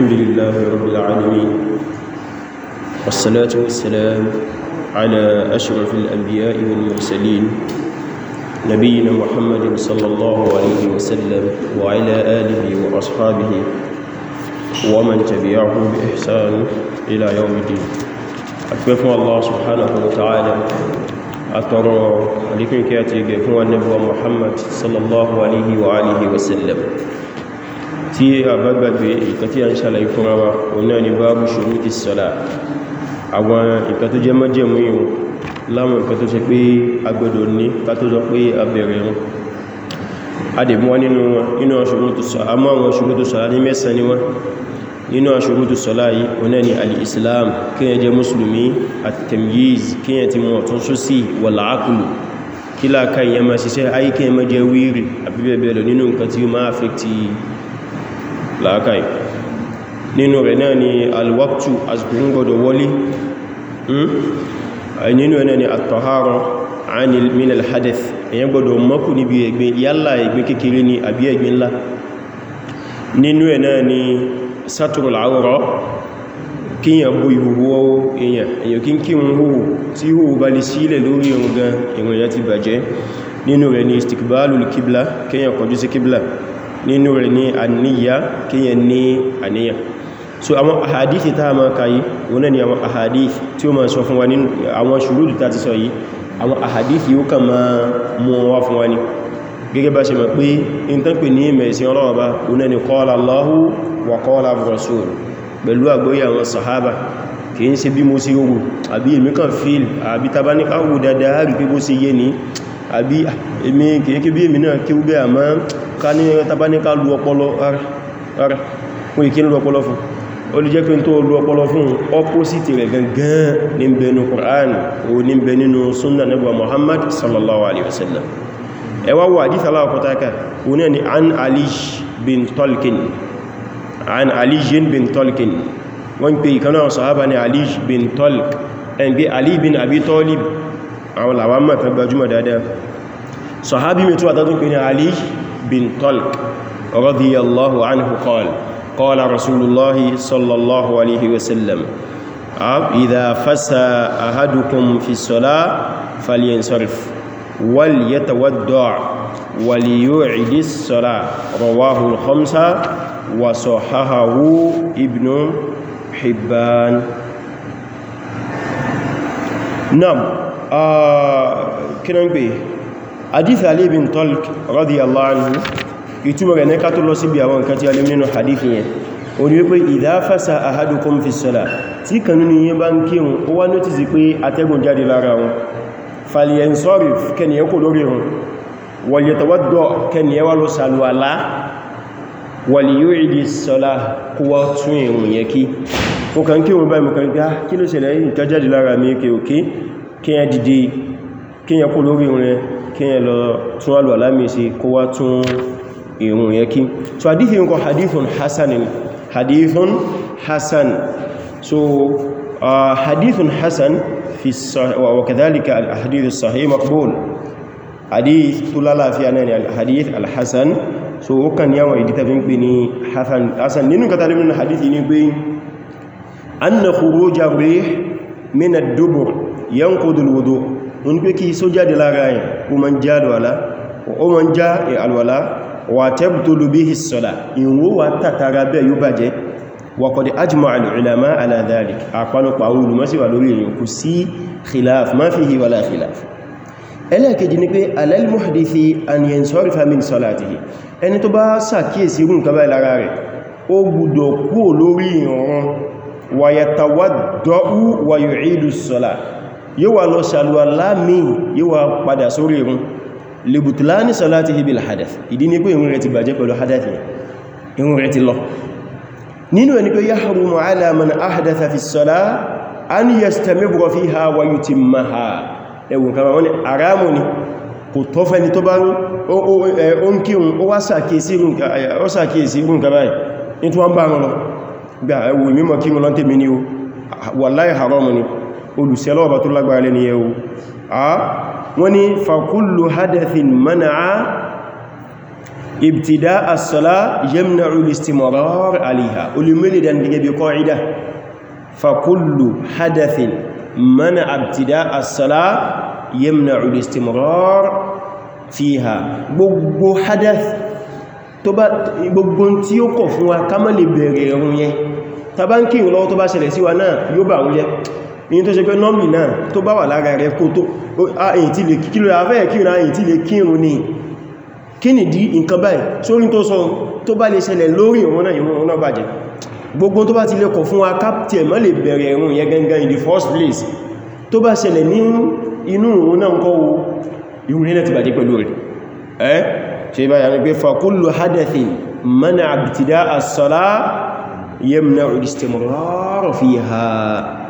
الحمد لله رب العالمين والصلاة والسلام على أشرف الأنبياء والمرسلين نبينا محمد صلى الله عليه وسلم وعلى آله وأصحابه ومن تبعه بإحسان إلى يوم الدين أكبر الله سبحانه وتعالى أترى لكم كاتب فهو النبوة محمد صلى الله عليه وآله وسلم tí a bá gbàgbé ìkan tí a ń ṣàlàyé fúnra wa òun náà ni báàbù ṣurutis sọ́lá àwọn ìkan tó jẹ́ májẹ̀mú ìrun láwọn ìkan tó ṣe pé a gbọ́dọ̀ ní ká tó sọ pé a bẹ̀rẹ̀ ìrun a dẹ̀ mọ́ nínú wọn nínú ṣurutus sọ́lá a mọ́ àwọn ṣurutus sọ́lá ní mẹ́sàn ni wọn nínú ṣurutus sọ́lá yìí òun náà kí láàkà ìyẹn ṣiṣẹ́ ayé kíyàn jẹ́ wíìrì àbíbẹ̀bẹ̀ lọ nínú nǹkan tí ó máa affect làákàí nínú rẹ̀ náà ni alwaktu asbìrin gbọdọ̀ wọlé hmm? nínú rẹ̀ náà ni àtọ̀hárọ̀ anil min alhadith èyàn gbọdọ̀ mọ́kù níbi ẹ̀gbin yálà ẹ̀gbin kékeré ni àbí ẹ̀gbin ńlá nínú ẹ̀ náà ni saturul awra kíyàn bó ìhòhò ọwọ́ èyàn èyàn kí ń kí ń hòhò tí hòhò bá lè sílẹ̀ lórí ẹ̀rùn gan kíyàn kọjú sí kibla nínú rẹ̀ ní àníyà kíyàn ní àníyà so àwọn àhàdífì tá a máa kàyí wọ́n náà ni àwọn àhàdífì tí ó máa sọ fún wa nínú àwọn ṣùrúdù tá ti sọ yìí àwọn àhàdífì yóò kàn máa mú wá fún wa ní gẹ́gẹ́ bá ṣe mọ̀ pé in tán pè ní ìmẹ̀ ìsìn ọlọ́wọ́ bá wọ́n náà ni qala Allahu wa qala rasul pẹ̀lú àgbóyà ká ní ẹran tàbá ní ká lu ọpọlọ ara fún ìkí lu ọpọlọ fún ó lè jẹ́ pé tó lu ọpọlọ fún ọpọ́sìtì rẹ̀ gangan ní bẹ nínú Qur'an o ní bẹ nínú sunna nabuwa Muhammad sallallahu alaihi wasallam ẹwà wà hadith aláwọ̀kọ̀taka o ní ni an Ali bin Talqin an Ali bin Talqin wọ́n pè sahaba ni Ali bin Talq ẹn Ali bin Abi Talib àwọn làwọn mọ̀ tán gbajúmọ̀ dáadáa sahabi mai tó àtàtún pè Ali بن طلق رضي الله عنه قال قال رسول الله صلى الله عليه وسلم إذا فسى أهدكم في الصلاة فلينصرف وليتودع وليعد الصلاة رواه الخمسة وصححه ابن حبان نعم آه، كنا نقول hadith Ali bin Talq radiyallahu anhu ìtumọ̀ rẹ̀ ní ká tó lọ síbi àwọn nǹkan tí a lè nínú hadith yẹn ó ní wípé idha fasa ahadukum fi salah tí kanú ni yẹn bá ń kírun ó wá nọ́tìsì pé atẹ́gùn jáde lára wọn falyansarif kẹniyẹ kò lórí run wal yatawadda kẹniyẹ wá lọ sàlùwàlá wal yu'idi salah kó wá tún ìrun yẹ kí mo kàn kírun báyìí mo kàn gá ah, kí ló ṣẹlẹ̀ yìí nǹkan mi kí òkè kí yẹn dìde kí yẹn kò lórí run kíyàn lọ tún alù alámi sí kó wá tún ìrun yẹ kí so hadith yínkọ hadithun hassan hadithun hassan so uh, hadithun hassan fi wakadhalika al-hadithu sahih maqbul hadith tó lálàáfíà náà ni al-hadith so ó kàn yawon ìdíta fi ń pè ní hassan nínú katalimin hadith yìí ni pé anna khuruja rih min ad-dubur yanqudul wudu' ń pé kí só jáde lára yìí ó ma ń já alwàlá ó ma ń já alwàlá wà tabtulu bihi as-salah ìwó wà tàtàrà bẹ́ yóò bàjẹ́ wa qad ajma'a al-ulama ala dhalik àpanupọ̀ àwọn olùmọ́síwà lórí èyàn kò sí khilaf ma fihi wala khilaf ẹlẹ́ẹ̀kejì ni pé alẹ́lmọ̀dìsí an yansarifa min salatihi ẹni tó bá yóò wà lọ ṣàlùwà láàmìn yóò wà padà sórí irun libutulani salati hibil hadath ìdí ni pé irun rẹ̀ ti bàjẹ́ pẹ̀lú hadath yẹn irun rẹ̀ ti lọ nínú ẹni pé yahrumu ala man ahdatha fi sọ́lá an yastamibra fiha wa yutimmaha ẹwùn kama wọ́n ni aramu ni kò tọ́ fẹ́ni ni olùsẹ́lọ́ ọba tó lágbára lẹ́ni ẹ̀wò wọ́n ni fakullu hadathin mana'a ibtida as-sala yamna'u al-istimrar 'alayha olùmílì dan gẹ́gẹ́ bí qa'ida fakullu hadathin mana'a ibtida as-sala yamna'u al-istimrar fiha gbogbo hadath tó bá ń kí ìrùn tó bá ṣẹlẹ̀ sí wa náà yóò bà ń ní tó ṣe pé nọ́mì náà tó bá wà lára rẹ̀ kó tó ààyìn tí lè kíkílò afẹ́ kírùn ààyìn tí lè kírùn ní kí ni dí nǹkan báyìí sórí tó sọ tó bá lè ṣẹlẹ̀ lórí òun náà ìwọ̀n náà bàjẹ́ gbogbo tó bá ti lè kọ̀ fún wa káptì ẹ̀mọ́ lè bẹ̀rẹ̀ ẹ̀rùn yẹ gangan in the first ìwọ̀n náà ti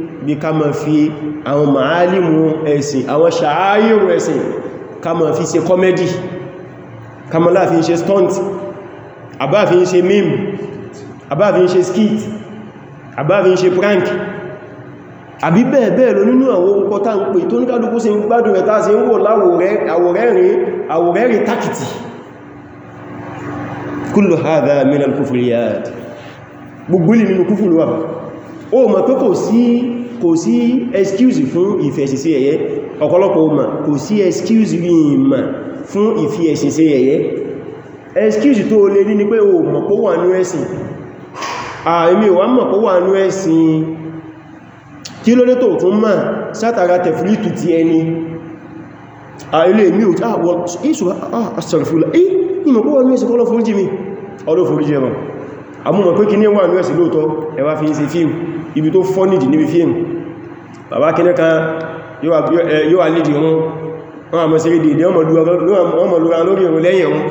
bí ká ma fi àwọn màálìmù ẹ̀sìn àwọn ṣàáyìrù ẹ̀sìn ká ma fi ṣe kọ́mẹ́dì ká ma láà fi ṣe stunt àbá fi ṣe meme àbá fi ṣe skit àbá fi ṣe prank àbí bẹ́ẹ̀ bẹ́ẹ̀ lọ nínú àwọn orúkọ tá ń pè tó ní kálukú sí gbádùn rẹ̀ tá sí ń wò láwòrẹ́rin àwòrẹ́rin tákìtì kullu hadha min al-kufriyat gbogbo ilé nínú kúfùrù wà ó mọ̀ pé kò sí kò sí excuse fún ìfẹ̀ṣìṣe ẹ̀yẹ ọ̀pọ̀lọpọ̀ ọmọ kò sí excuse ìmà fún ìfẹ̀ṣìṣe ẹ̀yẹ excuse tó lè ní ni pé o mọ̀ pó wà ní ẹ̀sìn àìmí wà mọ̀ pó wà ní ẹ̀sìn kí ló dé tó tún mọ̀ sátara tẹ̀fìlìtù ti ẹni àìlè mí ò táàwọ̀ ìṣù àṣàrìfúlà ì ìmọ̀ pó wà ní ẹ̀sìn kọ́lọ̀ foríjì mi ọlọ́ foríjì ẹ̀mọ̀ àmúmọ̀ pé kí ní wà ní ẹ̀sìn lóòtọ́ ẹwà fi ń ṣe fíìmù ibi tó fọ́nìdì níbi fíìmù bàbá kíní kan yóò wà lìdì wọn wọ́n àmọ́ sí rí dìde wọ́n mọ̀ lóra lórí ìrùn lẹ́yìn wọn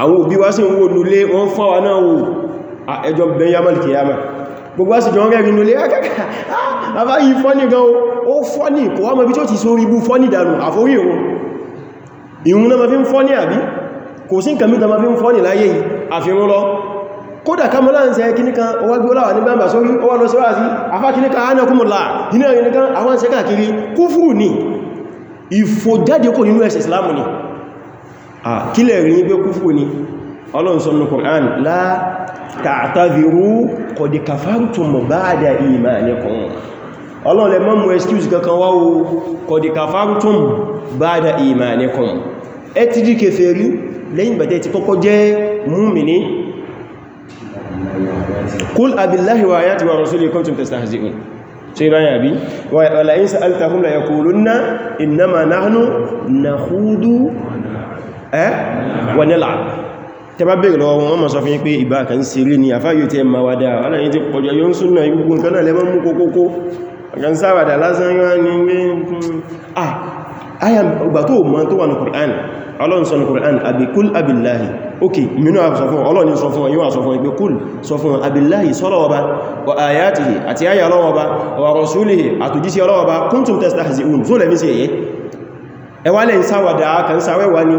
àwọn òbí wá sí ń wò nulé wọ́n fọ́wà náà wò ẹjọ́ benjamin kiyama gbogbo wá sí jọ rẹ̀ nulé akẹ́kẹ́ ah, ah, àbá yìí fọ́nì gan ó fọ́nì kò wá mọ̀ bí tó ti sórí ibú fọ́nì dànù àforí ìrùn ìrùn náà ma fi ń fọ́nì àbí kò sí nǹkan mítà ma fi ń fọ́nì láyé yìí kódà ká mọ́lá ń sẹ kí níkan ọwá bí ọláwà ní bàbà sórí ọwá lọ sọ́rọ̀ sí afá kí níkan àánà kúmùlá nínú ẹ̀rin níkan àwọn ṣe káàkiri kúfùrù ní ìfòjáde kò nínú ẹ̀sẹ̀ Islam ni kílẹ̀ rí la ta'tadhiru qad kafartum ba'da imanikum Ọlọ́run lè má mú excuse kankan wá o qad kafartum ba'da imanikum ẹ ti di kèfèrí lẹ́yìn bàtẹ́ ti kọ́kọ́ jẹ́ múmìnì kul abillahi wa ayati wa rasuli kuntum tastahzi'un sai baya bi wa la in sa'altahum la yaqulunna innama nahnu nakhudu eh wa nal'ab tẹba bèèrè lọ wọn ma sọ fún yí pé ìbá kan sírí ni àfáyò tẹ ma wádá wọ́n yí ti pọ̀jọ yóò ń súnà ìgbùgbùn kan náà lẹ́mọ́ mú kókókó ọ̀gán sáwàdà lásán yóò ní ní ah ayà gbà tó mọ́ tó wà ní Qur'an ọlọ́nsọ̀ ní Qur'an àbíkúl abìláhì ok mínú àsọ fún ọlọ́ni sọ fún yíwa sọ fún ìgbé kúl sọ fún abillahi sọ́lọ́wọ́ba wa ayatihi àti ayà ọlọ́wọ́ba wa rasulihi àtòjísí ọlọ́wọ́ba kuntum tastahzi'un fún lẹ́mí sí ẹ̀yẹ ẹwà lẹ́yìn sáwàdà kan sáwẹ́wà ni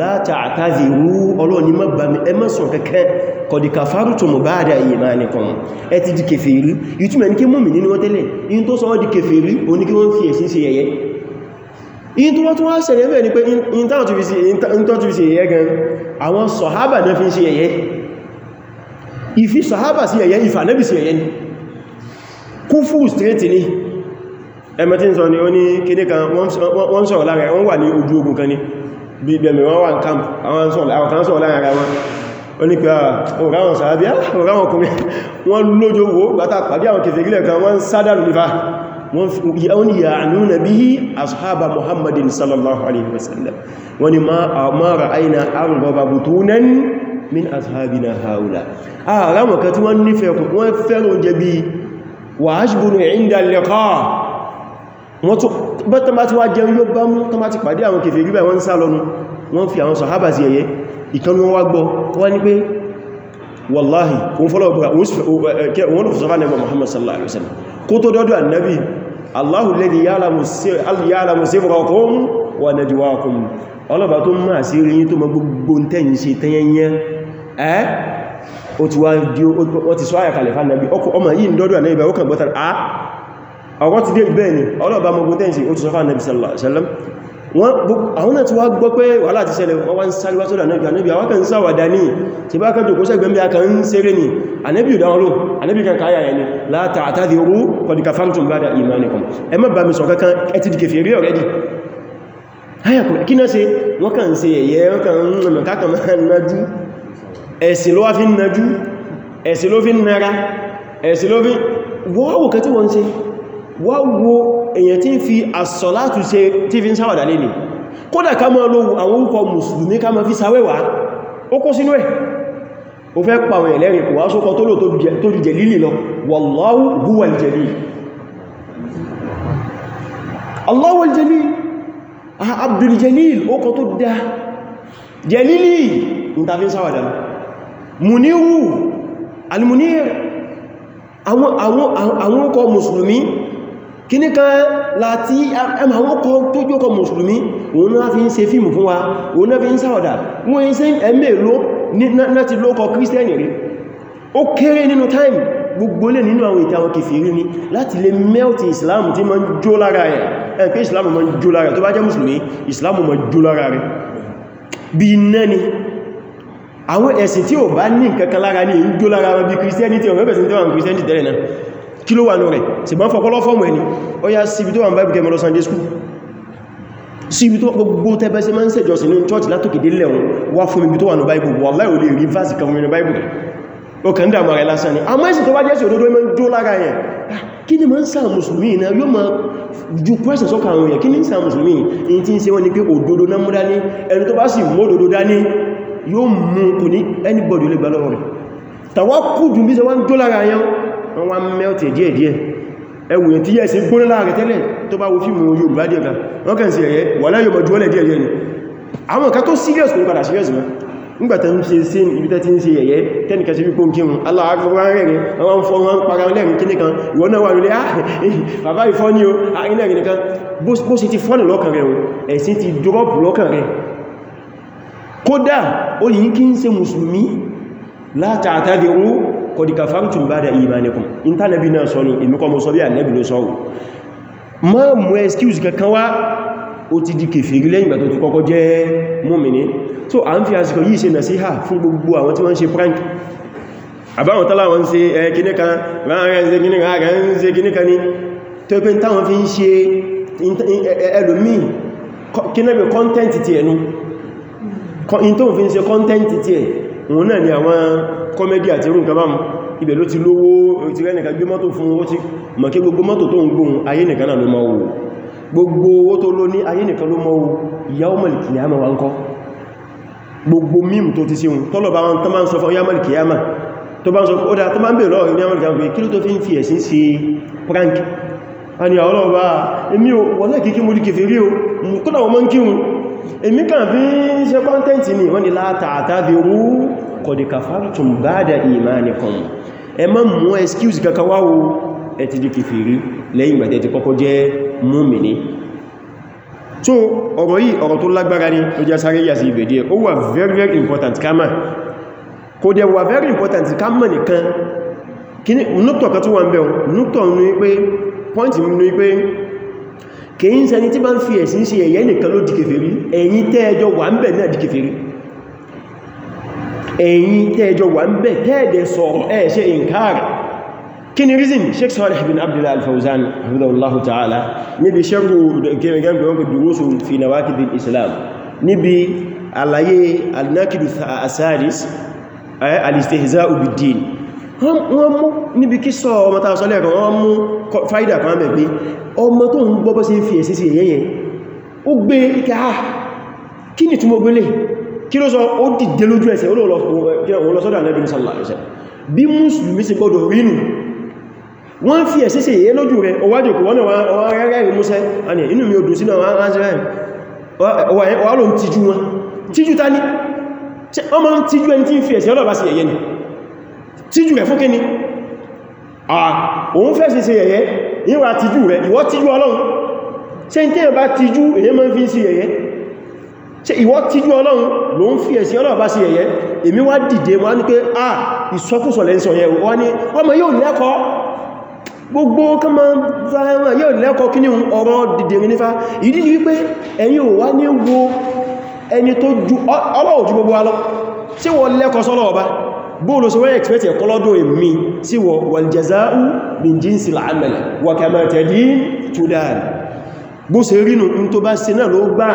la ta'tadhiru ọlọ́ni mọ́bàmí ẹmọ́sàn kẹ́kẹ́ qad kafartum ba'da imanikum ẹ ti di kèfèrí ìtumẹ̀ ní kí mọ́mì nínú wọ́n tẹ́lẹ̀ in tó sọ wọ́n di kèfèrí in tó wọ́n tó wá ṣẹlẹ̀ mẹ́ ni pé in tó ti fi ṣe ẹ̀yẹ gan àwọn sọ̀hábà náà fi ń ṣe ẹ̀yẹ ìfi sọ̀hábà sí ẹ̀yẹ ìfà náà bí sí ẹ̀yẹ ni kú fún straight ni ẹmẹ́tí sọ ni ó ní kéde kan wọ́n sọ̀rọ̀ lára wọ́n wà ní ojú ogun kan ní bí bẹ̀mẹ̀ wọ́n wà ní camp àwọn kan sọ̀rọ̀ lára wọn ó ní pé ọ̀gáwọn ah, sàábíà ah, ọ̀gáwọn ọkùnrin wọ́n lójó wo gbátà pàdé àwọn kèfèrílẹ̀ kan wọ́n sádà lùlífà wọ́n ya'nuna bihi ashaba muhammadin sallallahu alaihi wasallam wani ma ra'ayna arghaba butunan min ashabina haula a ramu ka tí wọ́n nífẹ̀ẹ́ kù wọ́n fẹ́ràn jẹ bí wà ashbunu inda liqa wọ́n tó bọ́ta bá ti wá jẹun yóò bá mú tó pàdé àwọn kèfèrí báyìí wọ́n sá lọ́nu wọ́n fi àwọn sàhábà sí ẹ̀yẹ ìkan wọ́n wá gbọ́ wọ́n ní pé wallahi òun fọ́lọ̀ Allahu alladhi ya'lamu sirrakum wa najwakum ọlọ́bà tó máa sí rí yí tó mọ gbogbo tẹ́yìn ṣe tẹ́yẹnyẹ ẹ́ o ti wá di o ti sọ àyà kalẹ̀ fánàbí ọmọ yìí ń dọ́dọ̀ ànábì ó kàn gbọ́tàrà á ọ̀rọ̀ àwọn náà ti wá gbọ́ pé wà láti ṣẹlẹ̀ wọ́n wá ń sáré wá sọ́dọ̀ ànábì ànábì àwọn kan sáwàdá ní tí bá kan jòkó sẹ́gbẹ̀mí aka ń ṣeré ní ànábì ìdáwọn ló ànábì kan káyà ẹni láta àtàdì orú kọdíkà fámtún bá da ìmánikum ẹ má bá mi sọ kankan ẹ ti dìkẹ̀ fèrí ọ̀rẹ́dì ayàkùn kí náà ṣe wọ́n kàn ṣe ẹ̀yẹ wọ́n kàn ń rìn kákan máa nájú ẹ̀sìn ló wá fi nájú ẹ̀sìn ló fi nára ẹ̀sìn ló fi wọ́wọ́ kan tí wọ́n ṣe wá wo èyàn tí ń fi àsọ̀látù ṣe tí fi ń sáwàdà lè ní kódà ká máa lóhun àwọn orúkọ mùsùlùmí ká máa fi sáwẹ́wà ó kó sínú ẹ̀ ó fẹ́ pàwọn ẹ̀lẹ́rin kò wá sókọ tó lò tó jù jẹ̀lìlì lọ wallahu huwal jalil Allahu wal jalil Abdul Jalil ó kọ tó dá jẹ̀lìlì ń ta fi ń sáwàdà Muniru al-Munir àwọn orúkọ mùsùlùmí kíní kan láti ẹmàwọn kan tó jókọ mùsùlùmí òun náà fi ń ṣe fíìmù fún wa òun náà fi ń sáwọ̀dà wọ́n yí sí ẹ̀mẹ́ ló náà ti lókọ kírísítẹ́nì rí ó kéré nínú táìmù gbogbo lè nínú àwọn ìtàwọn kìfìrí ní láti lè mẹ́ọ̀tì ìsìláàmù tí ma ń jó lára ẹ̀ ẹ̀ pé ìsìláàmù ma ń jó lára tó bá jẹ́ mùsùlùmí ìsìláàmù ma jó lára rẹ̀ bí iná ni àwọn ẹ̀sìn tí ò bá ní nǹkankan lára ní ń jó lára bí christianity ọ̀rẹ́bẹ̀sìn tẹ́wàá christianity tẹ́lẹ̀ náà kí ló wà ní rẹ̀ sì bá ń fọ́pọ́lọ́ fọ́mù ẹni ó yá síbi tó wà ń báyìí kẹmọ̀ lọ Sunday school síbi tó gbogbo tẹ́bẹ́ sí máa ń sẹ̀jọsìn ní church látòkèdè lẹ́wọ̀n wá fún mi tó wà ní báyìí wallahi ò lè rí fásì kan nínú báyìí ó kàn dàmà rẹ̀ lásán ni a máa ń sì tó wá jẹ́ sí òdodo ẹmọ́ jó lára yẹn ah, kí ni máa ń sáà mùsùlùmí iná yóò máa ju pẹ́sẹ̀ sọ́kà àwọn èèyàn kí ni ń sáà mùsùlùmí in tí ń ṣe wọ́n ni pé òdodo náà mú dání anybody lè gbà lọ́wọ́ rẹ̀ tàwákùdù bí ṣe wá ń jó lára yẹn wọ́n wá mẹ́ọ̀tẹ̀ díẹ̀ díẹ̀ ẹwùn tí yẹ́ sí gbóná láàrẹ tẹ́lẹ̀ tó bá wo fíìmù Yorùbá díẹ̀ gan wọ́n kàn sí ẹ̀yẹ wà láyé ọmọ jùwọ́lẹ̀ díẹ̀ díẹ̀ ni àwọn ǹkan tó serious kò ní padà serious mọ́ nígbàtà ń ṣe sí ibi tẹ́ ti ń ṣe ẹ̀yẹ tẹ́nìkà sí wípó kírun aláàrẹ̀rẹ̀ àwọn fọ́ wọn para lẹ́rin kí nìkan ìwọ̀n náà wà lórí ah, bàbá ìfọ́ ní o arínlẹ̀rin nìkan bó sì ti fọ́nù lọ́kàn rẹ̀ ẹ̀sìn ti dúrọ́pù lọ́kàn rẹ̀ kódà ó yìí kí ń ṣe mùsùlùmí látàtàdì kọdíkà fámtún bá da ìmánikùn intanẹ̀bí náà sọ ni èmi kọ́ mọ́ sọ ànẹ́bì ló sọ́wọ́ ma mú excuse kankan wá ó ti di kèfèrí lẹ́yìn ìgbà tó ti kọ́kọ́ jẹ́ mùmínì so a ń fi àsìkò yìí ṣe nàṣíhà fún gbogbo àwọn tí wọ́n ṣe prank àbáwọn tọ́lá wọn ṣe kíníkan ráàrín ṣe kíníkan ráàrín ṣe kíníkan ni tó pé táwọn fi ń ṣe ẹlòmí òun náà ni àwọn kọ́mẹ́dì àti irú nǹkan báhùn ibẹ̀ ló ti lówó ti rẹ́ nìkan gbé mọ́tò fún ó ti mọ̀ kí gbogbo mọ́tò tó ń gbóhun ayé nìkan náà ló máa wò gbogbo owó tó ló ní ayé nìkan ló máa wò ìyàwó mọ̀lìkìyàmà wa ń kọ́ gbogbo mímù tó ti síhun tọ́lọ̀ bá wọn tó máa ń ni àwọn ọba èmi ò wọ́lẹ̀ kọ̀dí kafartum ba'da imanikum ẹ má mú excuse kankan wá o ẹ ti di kèfèrí lẹ́yìn ìgbà tẹ́ ti kọ́kọ́ jẹ́ mùmínì so ọ̀rọ̀ yìí ọ̀rọ̀ tó lágbára ní tó jẹ́ sáré yà sí ibẹ̀ ó wà very very important kama kò dẹ̀ wà very important kama nìkan kí ní núktọ̀ kan tó wà ń bẹ̀ núktọ̀ ní pé point ní pé kìí sẹni tí bá ń fi ẹ̀sìn sí ẹ̀yẹ́ nìkan ló di kèfèrí ẹ̀yin tẹ́ẹjọ wà ẹ̀yin tẹ́ẹjọ wà ń bẹ̀ tẹ́ẹ̀dẹ̀ sọ̀rọ̀ ẹ̀ ṣe inkar kí ni reason Sheikh Salih bin Abdullah Al-Fawzan rahimahullahu ta'ala níbi sharhu gẹ́gẹ́gẹ́ bí wọ́n kò durusun fi nawaqid al-Islam níbi àlàyé al-naqidu asadis al-istihza'u bid-din wọ́n mú níbi kí sọ ọmọ tàà sọ lẹ́ẹ̀kan wọ́n mú ó gbé ikẹ́ ah kí ni túnmọ̀ gbélé kí ló sọ ó dìde lójú ẹsẹ̀ olóòlọ́sọ́dọ̀ anẹ́bìn sallallahu alaihi wasallam bí mùsùlùmí sì gbọ́dọ̀ rínú wọ́n fi ẹ̀sí sí èyẹ lójú rẹ̀ ọwájòkó wọ́n náà rẹ̀rẹ̀ músẹ́ àni inú mi odò sínú àwọn aránṣẹ́rẹ̀ wà ló ń tijú wọn tijú ta ní ọmọ ń tijú ẹni tí ń fi ẹ̀sí ọlọ́bá sí ẹ̀yẹ ni tijú rẹ̀ fúnkẹ́ ni òun fẹ́ sí sí ẹ̀yẹ ìwà tijú rẹ̀ ìwọ tijú ọlọ́run ṣe ìwọ tíjú ọlọ́run ló ń fi ẹ̀sìn ọlọ́run bá sí ẹ̀yẹ́ èmi wá dìde wọ́n ní pé à ìsọkúsọ̀ lẹ́sọ̀ yẹ wọ́n ní ọmọ yóò lẹ́kọ́ gbogbo kọmọ yóò lẹ́kọ́ kí ní ọ̀rọ̀ dìde rí nífà ìdí ni wípé ẹ̀yin ò wá ní wo ẹni tó ju ọlọ́run ju gbogbo alọ́ ṣé wọ́n lẹ́kọ́ sọ́lọ́ ọba bóòlù sí wọ́n expect ẹ̀kọ́ lọ́dọ̀ èmi sí wọ́n wal jazā'u min jinsil 'amal wa kamā tadīn tudān bó ṣe rínú tó bá ṣe náà ló gbáà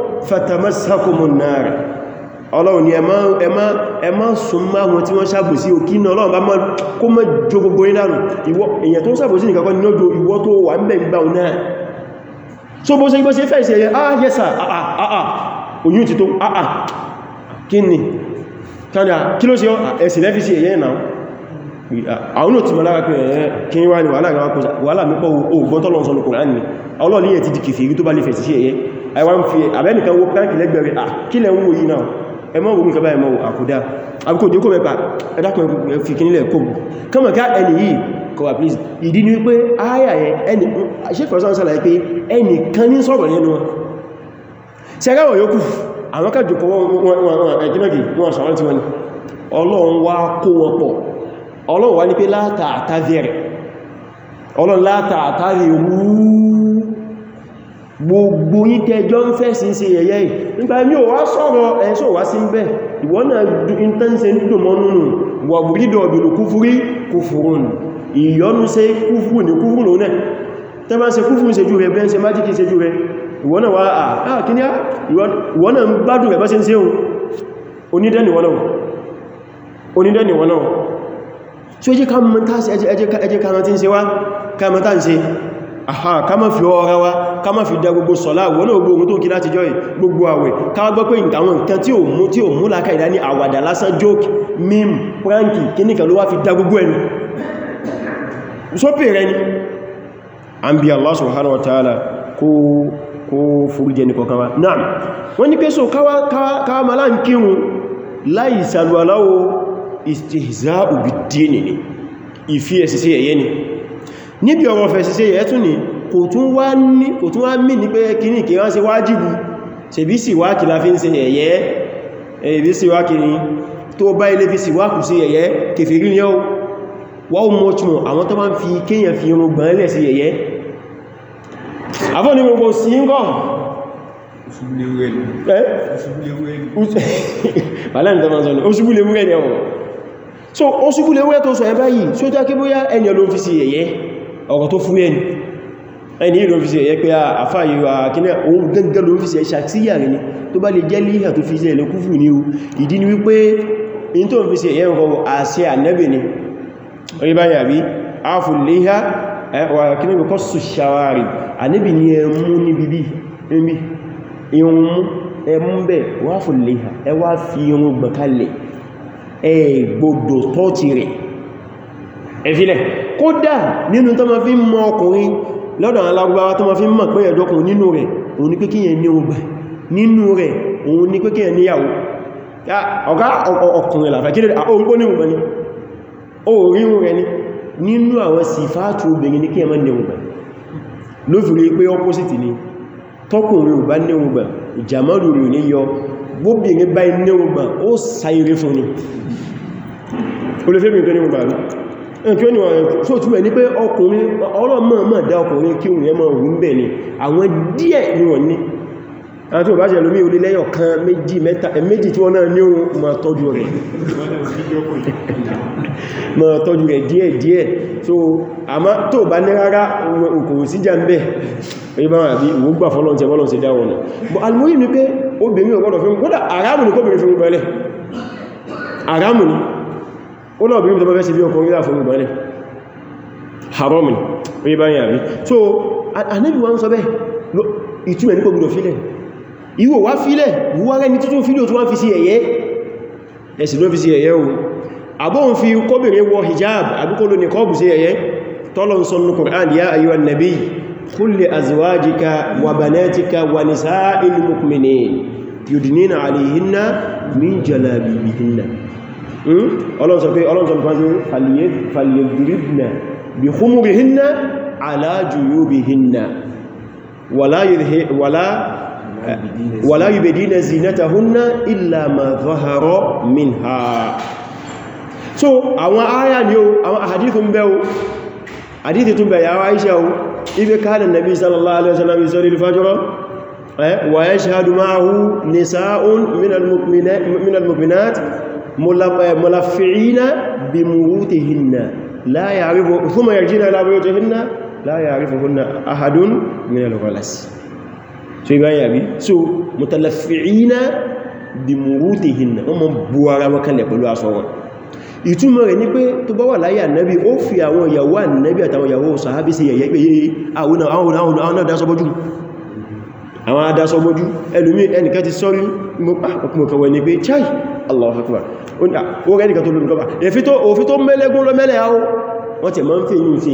fatamassakumun nar ọlọ́run ni ẹmá súnmọ́ àwọn tí wọ́n sàbòsí òkí náà ọlọ́run bá mọ́ kó mọ́ jo gbogbo ìlànà èyàn tó sàbòsí nìkan kọ́ ni ó jo ìwọ tó wà ń bẹ̀ ń gbà náà so bó ṣe gbọ́ sí fẹ́ ìṣẹ́ ah yes sir ah ah, ah ah oyún ti tó ah ah kí ni kádà kí ló ṣe ah, ẹ̀sìn lẹ́fí sí ẹ̀yẹ́ náà àwọn òtí mọ̀ lára pé ẹ̀yẹ́ eh, kí wá ní wàhálà mi pọ̀ ògbọ́n tọ́lọ̀ sọ́nù Kùránì ọlọ́ọ̀lẹ́yẹ̀ ti di kìfèrí tó bá lè fẹ̀ sí ẹ̀yẹ́ ẹwà ń fi àbẹ́nìkan wó pẹ́ǹkì lẹ́gbẹ̀rẹ̀ à kí lẹ ń wo yìí náà ẹmọ́ wo nǹkan báyìí mọ́ àkùdá àbúkò jókò mẹ́pa ẹ̀dàkùn fi kí nílẹ̀ kòbù kọmọ ká ẹni yìí kọwà please ìdí ni pé ayà yẹn ẹni ṣe fọ́sán sálàyé pé ẹni kan ní sọ̀rọ̀ yẹn wọn ṣẹ́gáwọ̀ yóò kù àwọn kàjọkọ̀ wọn ẹ̀kínàkì wọn sọ̀rọ̀ tí wọ́n ni ọlọ́run wá kó wọn pọ̀ ọlọ́run wá ní pé látàtàzẹ̀rẹ̀ ọlọ́run látàtàzẹ̀rẹ̀ gbogbo ìtẹjọ́ ń fẹ́ sí ṣe yẹ̀yẹ́ yìí nípa ẹmí ò wá sọ̀rọ̀ ẹ̀ṣọ́ wá sí bẹ́ ìwọ́n náà intense nínú mọ́núnù wà búrídọ̀ ọ̀bìnú kúfúrí kúfúrún ìyọnu ṣe kúfúrún ní kúfúrún lónà tẹ́bá ṣe kúfúrún ṣe jú rẹ̀ bẹ́ẹ̀ ṣe májíkì ṣe jú rẹ̀ ìwọ́n náà wá àkíní ìwọ́n náà ń gbádùn rẹ̀ bá ṣe ń ṣe onídẹ́niwọ́n náà àhá kama fi ọra wa kama fi dá gbogbo sọ̀lá wọ́n náà gbogbo tó kí láti jọ gbogbo àwẹ̀ ká gbọ́ pé àwọn nǹkan tí ò mú tí ò mú láka ìdá ní àwàdà lásán joke meme prank kíníkà ló wá fi dá gbogbo ẹnu sópè rẹ ni an Allah subhanahu wa ta'ala kó kó fúrújẹ ní kọ̀kan wa náà wọ́n ní pé so káwà mọ́lá ń kírun láì sàlùwàláwò istihza'u bid-din ni ìfí ẹ̀sì sí ẹ̀yẹ́ ni níbi ọ̀rọ̀ fẹ̀ ni, ẹ̀ tún ní kò tún wá mí ní pé kí ní kí rán sí wájìbù ṣe bí síwákì la fi ń ṣe ẹ̀yẹ́ èbí síwákì ni tó bá ilé fi síwákù sí ẹ̀yẹ́ kèfèrí ní ọ́ wọ́n much more àwọn tó bá ń fi kéèyàn fi irun gbọ́n lẹ̀ sí ẹ̀yẹ́ afọ́ ni gbogbo sí ń gọ́ òṣùgbùlewúrẹ́ ni ọ̀rọ̀ so òṣùgbùlewúrẹ́ tó sọ ẹ báyìí sójá kí bóyá ẹni ọlọ́ fi sí ẹ̀yẹ́ ọ̀rọ̀ tó fúyẹ́ ni ẹni ìlú fi ṣe ẹ̀yẹ́ pé àfáàyíwá kíní ohun gẹ́gẹ́ ló fi ṣe ah, ah, ṣàtíyà rẹ̀ ni tó bá lè jẹ́ líhà tó fi ṣe ẹ̀lẹ́ kúfù ní o ìdí ni wípé in tó fi ṣe ẹ̀yẹ́ ọ̀rọ̀ àṣẹ ànẹ́bẹ̀ ni orí báyà bí áfù líhà kíní kọ́ sù ṣàwárì ànẹ́bì ni ẹmú ní bíbí ẹmí irun ẹmú bẹ̀ wáfù líhà ẹwà fi irun gbọ̀kalẹ̀ ẹ gbọ́dọ̀ tọ́ọ̀tì rẹ̀ ẹ̀fílẹ̀ kódà nínú tó ma fi mọ ọkùnrin lọ́dọ̀ alágbára tó ma fi mọ̀ pé ẹ̀dọ́kùnrin nínú rẹ̀ òun ni pé kí yẹn ní ọgbà nínú rẹ̀ òun ni pé kí yẹn níyàwó ọ̀gá ọkùnrin làfẹ́ kí lè ó ní ọgbà ni ó rí rẹ̀ ni nínú àwọn sífàtù obìnrin ní kí ẹmọ́ ní ọgbà ló fi rí pé opposite ni tọkùnrin ò bá ní ọgbà ìjàmọ́lù rẹ̀ ní yọ gbóbìnrin bá ní ọgbà ó sáyẹrẹ fún ni olùfẹ́bìnrin tó ní ọgbà rí so túnmẹ̀ ní pé ọkùnrin ọlọ́mọ̀ọ́mọ̀ dá ọkùnrin kí òun yẹ mọ̀ òun bẹ̀ ni àwọn díẹ̀ ni wọ́n ní àwọn tí ó bá jẹ́ lómí olè lẹ́yọ̀ kan méjì tí wọ́n náà ní ohun ma tọ́jú rẹ̀ ma tọ́jú rẹ̀ díẹ̀ díẹ̀ so àmá tó bá ní rárá òkòrò sí jà ń bẹ̀ ìbára àbí ìwògbà fọ́lọ́ntẹ̀ fọ́lọ́ntẹ̀ dáwọn náà but almuhim ni pé obìnrin ọgbọ́dọ̀ ó lọ bí i tọba fẹ́sí bí ọkùnrin láàfún ìgbà ní haramun oye bá ń so anẹ́bí wa ń sọ bẹ́ ìtumẹ̀ ní kò gbọdọ̀ fílẹ̀ ìwò wá fílẹ̀ wúwá rẹ̀ ní títún fílẹ̀ tó wá fi sí ẹ̀yẹ́ ẹ̀sì ló fi sí ẹ̀yẹ́ o àbọ́n fi kóbìnrin wọ hijab àbíkólò ní kọ́bù sí ẹ̀yẹ́ tọ́lọ̀ ń sọ́nù Qur'an ya ayyuha nabi qul li yudnina alayhinna min jalabibihinna Hmm? ọlọ́run sọ pé ọlọ́run sọ pé fàlìyàdìrìbìnà bí kúmùrìhìnà alájúyóbìhìnà wàlá yubedina zinatahunna illa ma zahara minha so àwọn aya ni o àwọn ahadithun bẹ́ o hadithi tún bẹ̀ yawa iṣẹ́ o ibi kanin nabi sallallahu alaihi wasallam isori ilfajirọ wa mọ́láfíìnà eh, bí múrútì hinna láyàrífò fúnmọ̀ yàrjínà lábúrútì hinna láyàrífò hunna ahadun min al-ghalas so ibá yàrí so mọ́tàláfíìnà bí múrútì hinna wọ́n mọ́ buwara wakalẹ̀ pẹ̀lú aṣọ wọn ìtumọ̀ rẹ̀ ní pé tó bá wà láyé ànábí ó fi àwọn ìyàwó ànábí àtàwọn ìyàwó sàhábí sí ẹ̀yẹ́ pé àwọn náà dásọbọ́jú àwọn adásọbọ́jú ẹlùmí ẹnìkan ti sọ́rí mọ́pàá Allahu Akbar ó ah, rẹ́ nìkan tó lónìí kọba òfin tó mẹ́lẹ́gún lọ mẹ́lẹ̀ áwọ́ wọ́n tẹ̀ máa ń fi yíò sí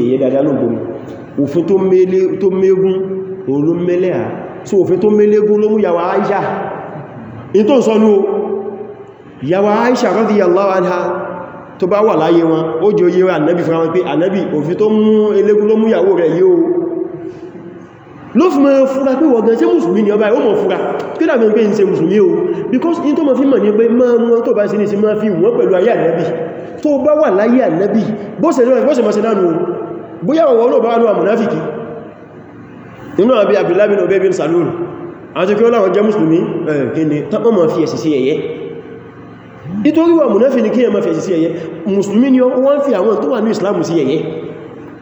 èyẹ bá wà láyé wọn ó jẹ́ oyé wọn fún wọn pé ànábì òfin tó mú elégún ló mú yàwó rẹ̀ yóò ló fi mọ́ fúra pé wọ̀gán ṣe mùsùlùmí ni ọba ẹ̀ ó mọ̀ fúra kí dà mẹ́ pé ń ṣe mùsùlùmí o because in tó mọ̀ fi mọ̀ ní pé máa wọn tó bá sí ní sí máa fi wọ́n pẹ̀lú ayé ànábì tó bá wà láyé ànábì bóṣe mọ́ṣe náà nù bóyá wọ́n náà bá wà ní àmùnáfìkì inú àbí Abdullahi bin Ubay bin Salul àti kí ó láwọn jẹ́ mùsùlùmí ẹ̀kíni tàbí ma fi ẹ̀sì sí ẹ̀yẹ nítorí wà mùnáfì ní kí ẹ ma fi ẹ̀sì sí ẹ̀yẹ mùsùlùmí ni wọ́n fi àwọn tó wà ní ìsìlámù sí ẹ̀yẹ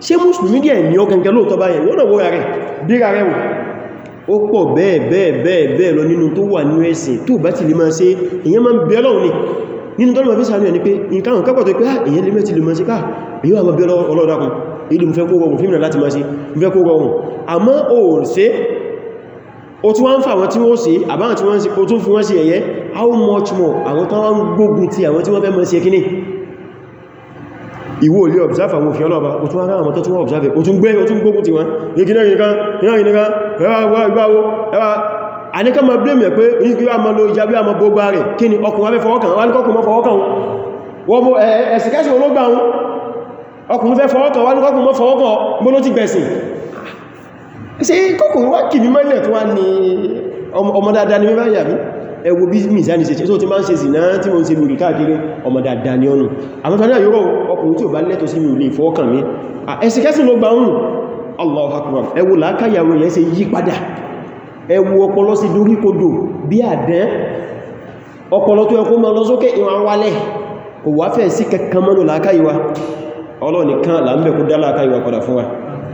ṣe mùsùlùmí díẹ̀ ní ọkẹ̀kẹ́ lóòtọ́ báyẹ̀ yóò náà wọ́ra rẹ̀ bíra rẹ̀ wò ó pọ̀ bẹ́ẹ̀ bẹ́ẹ̀ bẹ́ẹ̀ bẹ́ẹ̀ lọ nínú tó wà ní ẹ̀sìn tó bá ti lè máa ṣe èyàn máa ń bẹ ni nínú tó lọ́wọ́ fi sàánú ẹ̀ ni pé nǹkan kápọ̀ tó pé èyàn ah, lè mẹ́tí lè máa ṣe ká èyàn àwọn bẹ́ẹ̀ ọlọ́dàkùn ilú fẹ́ kó rọrùn fíìmìnà láti máa ṣe fẹ́ kó rọrùn àmọ́ o o tún wọ́n ń fà àwọn tí wọ́n how much more àwọn tó wọ́n gbógun ti àwọn tí wọ́n fẹ́ máa ṣe ìwọ olè observe àwọn òfin ọlọ́ọ̀bá o tún ara àwọn tó tún wọ́n observe o tún gbé o tún gbógun ti wọ́n yíkínà yíkán yíkínà ìgbàwó ẹwà àníkà ma blame ẹ̀ pé yíkí wá ma lo ìjàbí àmà gbogbo rẹ̀ kí ni ọkùnrin fẹ́ fọwọ́kàn wá ní kọkùnrin fọwọ́kàn wọ́n mú ẹ̀sìkẹ́sì ológbà wọn ẹwọ bí mìsáni ṣe tó ti máa ń ṣe sí náà tí mo ń ṣe lórí káàkiri ọmọ dáadáa ní ọ̀nà àwọn tọ́lá yóò ọkùnrin tí ò bá lẹ́tọ̀ sí mi ò lè fọ́ọ̀kàn mi ẹ̀sìnkẹ́sìn ló gba oòrùn Allahu Akbar ẹwọ làákàyàwó yẹn ṣe yí padà ẹwọ ọpọlọ sí doríkodò bí àdán ọpọlọ tó ẹkọ́ mọ́ lọ sókè ìwọ̀n wálẹ̀ kò wá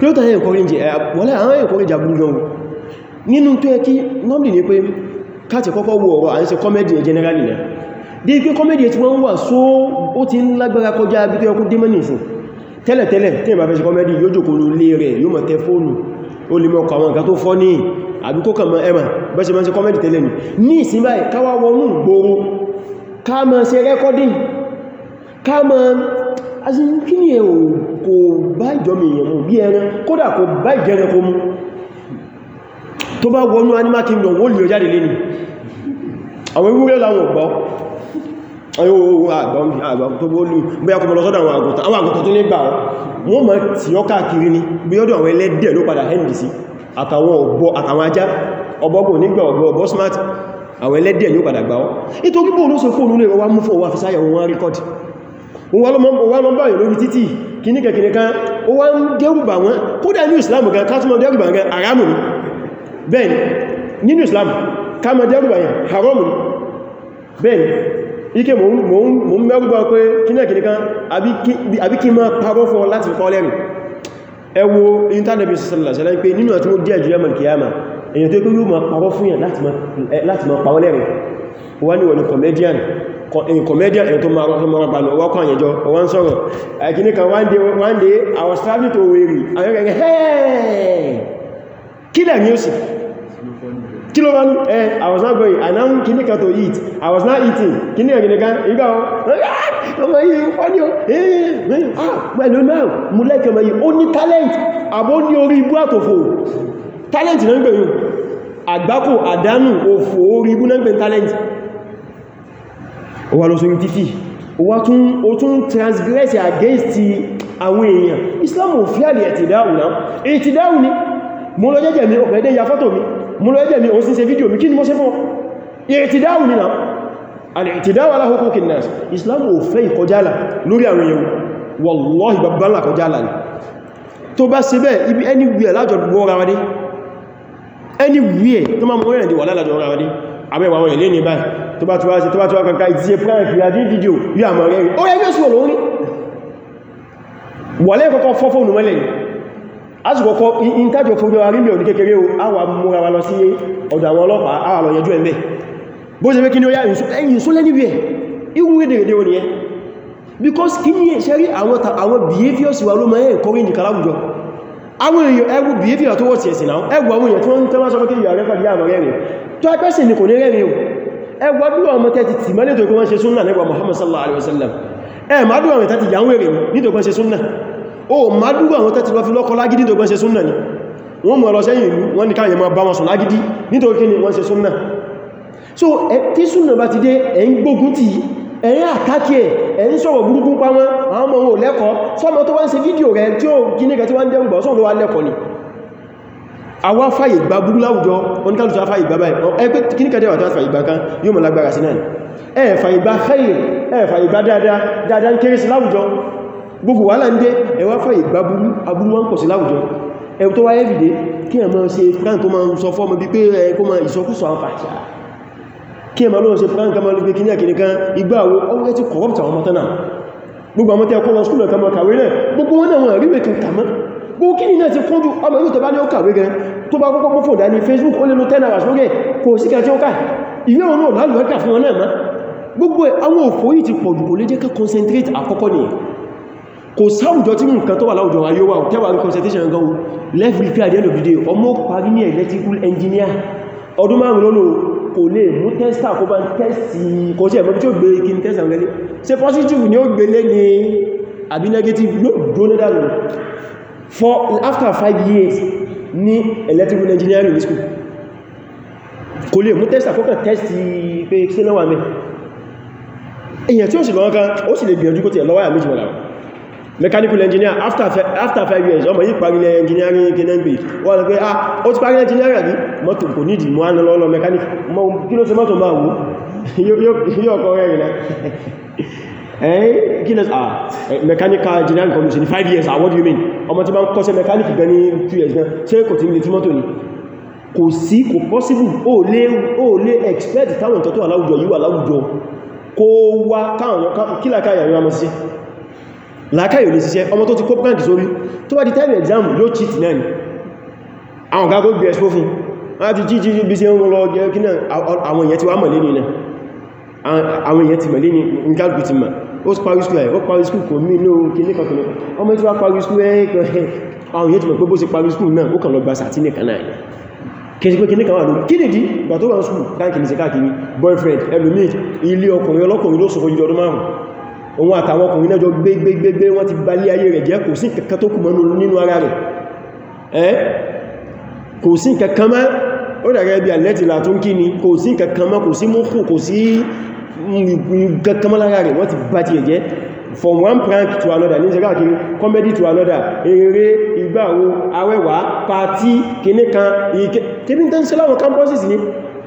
kí ló tàyẹ̀ ìkọrìnjì wọ́lá àwọn ìkọrìnjì àbúrú lọ́wọ́ nínú tó yẹ kí normally ní pé káàtì kọ́kọ́ wo ọ̀rọ̀ à ń ṣe comedy generally náà dé pé comedy tí wọ́n wà só ó ti ń lágbára kọjá bí tó yẹkún dímọ́nì fún tẹ́lẹ̀tẹ́lẹ̀ tí ìbá fẹ́ ṣe comedy yóò jòkó lé rẹ̀ yóò mọ̀ tẹ fóònù ó lè mọ́kọ̀ àwọn nǹkan sí comedy ká mọ́ azí kí ní ẹ̀wò kò bá ìjọmì èèyàn mú bí ẹran kódà kò bá ìjẹran kó mú tó bá wọnú animal kingdom wó lè jáde lẹ́ni àwọn ewúrẹ́ láwọn ọ̀gbọ́ àwọn ohun àgbà tó bó lù bóyá kọmọ lọ sọ́dọ̀ àwọn àgùntàn àwọn àgùntàn tó ní gbà wọ́n mọ̀ tí ó smart àwọn ẹlẹ́dẹ̀ ló padà gbà ọ́ nítorí bóòlù sọ fóònù lè wá mú fọ́ wà fi sáyẹ̀wò wọ́n lọ báyìí lórí títì kìníkà kìníkà ó wá ń dẹ́rùbà wọn kódà ní Islam gan kátùmọ̀ dẹ́rùbà gan haramu ni bẹ́ẹ̀ni nínú Islam káàmà dẹ́rùbà haramu ni bẹ́ẹ̀ni ike mọ̀ ń mẹ́rùbà pé kìníkà kìníkà àbí kí máa parọ́ fún láti kọ́ lẹ́rìn ẹ wo intanẹ̀bí sallallahu alaihi wasallam pé nínú àti wọ́n díẹ̀ jù yamani kiyama èyàn tó kí yóò máa parọ́ fún yàn láti máa parọ́ lẹ́rìn comedian comedian ẹ̀ tó mara gbàlọ̀ wọ́kọ̀ àyẹjọ́ wọ́n sọ̀rọ̀ àìkíní kan one day One day, i was traveling to Owerri àyẹ́rẹ̀ hey kí lẹ̀ music kí ló wá ní i was not going and now kíní kan to eat i was not eating kíní ẹ̀gìnì kan ìgbà ọmọ yìí wọ́n ni ó ah pẹ̀lú náà mú lẹ́kẹ̀ọ́ mọ̀ yìí ó ní talent àbó ní orí ibú àtòfò talent náà ń gbẹ̀yìn àgbákò àdánù òfò orí ibú náà ń talent ó wá lọ sórí títì ó wá tún ó tún transgress against àwọn èèyàn Islam ò fi àlè ẹ̀tìdáhù náà ẹ̀tìdáhù ni mo lọ jẹ́jẹ̀ mi ọ̀pẹ̀ẹ́dẹ́ ya fọ́tò mi mo lọ jẹ́jẹ̀ mi òun sí ṣe fídíò mi kí ni mo ṣe fún ẹ̀tìdáhù ni náà alìtìdáwà aláhùkùnkì náà islam ò fẹ́ ìkọjálà lórí àwọn èèyàn wallahi babbanla kọjálà ni tó bá ṣe bẹ́ ibi anywhere lájọ gbọ́ra wadé anywhere tó má mọ́ rẹ̀ dí wà lájọ gbọ́ra wadé abẹ́wà wọ́n ilé ní báyìí tó bá ti wá ṣe tó bá ti wá kankan ìtí ṣe prank rí adé fídíò yóò àmọ́ rẹ̀ rí ó rẹ̀ yóò sí wọ̀ lórí wọ̀lẹ́ kọ́kọ́ fọ́fóònù mẹ́lẹ̀ asùkọ́kọ́ ìntájọ fún yọ arílẹ̀ òní kékeré o àwa múra wa lọ sí ọ̀dọ̀ àwọn ọlọ́pàá àwa lọ yẹjú ẹ̀mẹ́ bó ṣe mẹ́kí ní ó yá ìsúnlẹ̀ níbi ẹ̀ ìwú èdèrèdè òní ẹ because kí ní ṣe rí àwọn behaviors wa ló máa ń kọrí ní kaláwùjọ àwọn èèyàn ẹgbù behavior tó wọ́n ti ẹ̀sìn náà ẹgbù àwọn èèyàn tó ń tẹ́wọ́ sọ pé kí ìyà rẹ́kọ̀dì àmọ́ rẹ́rin tó ẹgbẹ́sìn ni kò ní rẹ́rin o ẹgbà dúwà ọmọ tẹ́ ti tì mọ́ nítorí wọ́n ṣe súnnà nígbà Muhammad sallallahu alaihi wasallam ẹ ma dúwà wọn tẹ́ ti yàwó èrè nítorí wọ́n ṣe o ma dúwà wọn tẹ́ ti lọ fi lọ́kọ lágídí nítorí wọ́n ṣe súnnà ni wọ́n mọ̀ lọ sẹ́yìn ìlú wọ́n ní káyẹ ma bá wọn sùn lágídí nítorí kí ni wọ́n ṣe súnnà so tí súnnà bá ti dé ẹ̀ ń gbógun ti ẹ̀ ń àtàkì ẹ̀ ẹ̀ ń sọ̀rọ̀ burúkú pa wọn àwọn ọmọ òun ò tó wá ń ṣe fídíò rẹ̀ tí ó kíníkà tí wá ń dẹ́rùgbọ́ sóòrò wá lẹ́kọ̀ọ́ ni àwa fàyè gba burú láwùjọ oníkàlùsọ afáyè gba báyìí ẹgbẹ́ kíníkà jẹ́ wàtí fàyè gba kan yóò mọ̀ lágbára sí náà ẹ fàyè gba fẹ́yìn ẹ fàyè gba dáadáa ń kéré sí láwùjọ gbogbo wà láńdé ẹ fàyè gba burú aburú wọn pọ̀ sí láwùjọ ẹ ọmọ tánà gbogbo àwọn lọ skúlọ̀ kan mọ̀ kàwé náà gbogbo wọn náà wọn rí mẹ́kàn kàmọ́ bókínì náà ti kúnjú ọmọ ìlú tẹbá ní ó kàwé gan tó bá kọ́kọ́ mọ́fò dání Facebook ó lè lo 10 hours lókè kò sí kẹ́ tí ó ká ìwé òun náà lálùwẹ́kà fún wọn náà má gbogbo àwọn òfò yìí ti pọ̀jù kò lè jẹ́ kẹ́ concentrate àkọ́kọ́ ni kò sáwùjọ tí nǹkan tó wà láwùjọ wa yóò wà tẹ́wàá concentration gan lẹ́fì fi àdé lò dìde ọmọ parí ní electrical engineer ọdún márùn lọ́nà kò lè mú testa kó bá ń tẹ́sì kò sí ẹ̀mọ́ tí ó gbé kí ní testa rẹ̀ se positive ni ó gbé lé ní àbí negative ló dónádà rẹ̀ for after five years ní electrical engineering ní school kò lè mú test àkọ́kàn test pé ṣe lọ́wà mẹ́ èyàn tí ó sì lọ́wọ́ kan ó sì lè gbìyànjú kó ti ẹ̀lọ́wà àmì jùmọ̀lá mechanical engineer after after five years ọmọ yìí parí engineering kenangbe wọ́n lọ pé ah ó ti parí engineering àbí mọ́tò kò ní ìdìmọ́ ánàlọ́lọ́ mechanic kí ló ṣe mọ́tò máa wú yóò kọ́ rẹ̀ rẹ̀ eh kí lẹ́sà ah, eh, mechanical engineering commission. Five years ah what do you mean ọmọ tí bá ń kọ́ṣẹ́ mechanic gan ní years gan ṣe kò tí ní lè túmọ́tò ní kò sí kò possible ó lè ó lè expect táwọn ìtọ́tò aláwùjọ yíwà aláwùjọ kó wá káwọn kí làkáyà rí ọmọ sí làkáyà ò lè ṣiṣẹ́ ọmọ tó ti kó pàǹkì sórí tó time exam yóò cheat náà ni àwọn ọ̀gá kó gbé ẹ̀ṣpó fún láti jíjí bí sí ẹ̀wọ̀n lọ gẹ́gẹ́ kí náà èèyàn ti wá mọ̀ lé ní náà àwọn èèyàn ti mọ̀ lé ní nǹkan gbìtìmọ̀ ó parí skú ẹ̀ ó parí skú kò mí ló kìíní kan kìíní ọmọ tí wá parí skú ẹ̀ àwọn yóò ti mọ̀ pé bó ṣe parí skú náà ó kàn lọ gba sàtínì kan náà kìí pé kìíní kan boyfriend ẹlòmí ilé ọkùnrin ọlọ́kùnrin ló sọ ojú ọdún márùn òun àtàwọn ọkùnrin náà jọ gbégbégbé wọ́n ti balé ayé rẹ̀ jẹ́ kò sí kankan tó kù mọ́nú nínú ara rẹ̀ ẹ́ kò sí kankan mọ́ ó dàgẹ́ bí alẹ́tìlà tó ń kí ni kò sí kankan mọ́ kò sí kankanmọ́lára rẹ̀ wọ́n ti bá ti ẹ̀jẹ́ from one prank to another ní ṣẹ́gá kiri comedy to another eré ìgbàwo awẹ́wà pàtí kìníkan ìkẹ́ tẹ́bí tẹ́ ń ṣe láwọn campuses ní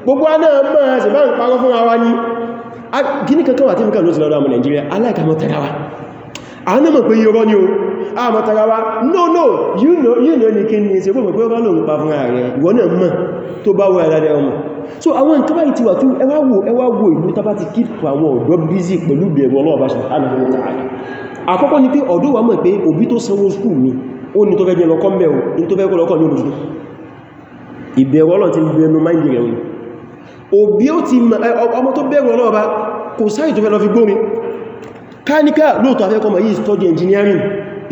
gbogbo náà máa ṣe bá ń parọ́ fún ara ní kìníkan kan wà tí mú kàn ló ti lọ́dọ̀ ọmọ Nàìjíríà aláìkàmọ́ tẹ́rawa àwọn mọ̀ pé yọrọ ní o a mọ̀ tarawa no no you know you know ní kí ní ṣe gbogbo pé ọlọ́run pa fún ààrẹ ìwọ náà mọ̀ tó bá wọ́n ẹ̀lẹ́dẹ̀ ọmọ so àwọn nǹkan báyìí ti wà tó ẹ wá wò ẹ wá wò ìlú tàbá ti kíp àwọn ọ̀dọ́ bízì pẹ̀lú bẹ̀rù ọlọ́ọ̀bá subhanahu wa ta'ala àkọ́kọ́ ni pé ọ̀dọ́ wa mọ̀ pé òbí to sanwó skúù mi ó ní tó fẹ́ jẹ́ lọ́kọ́ mẹ́ o ní tó fẹ́ kọ́ lọ́kọ́ ní olùsùn ìbẹ̀rù ọlọ́ ti bẹnu máìndì rẹ̀ òní òbí ó ti ọmọ tó bẹ̀rù ọlọ́ọ̀bá kò sáì tó fẹ́ lọ fi to káníkà lóòtọ́ afẹ́kọ́mọ̀ yìí study engineering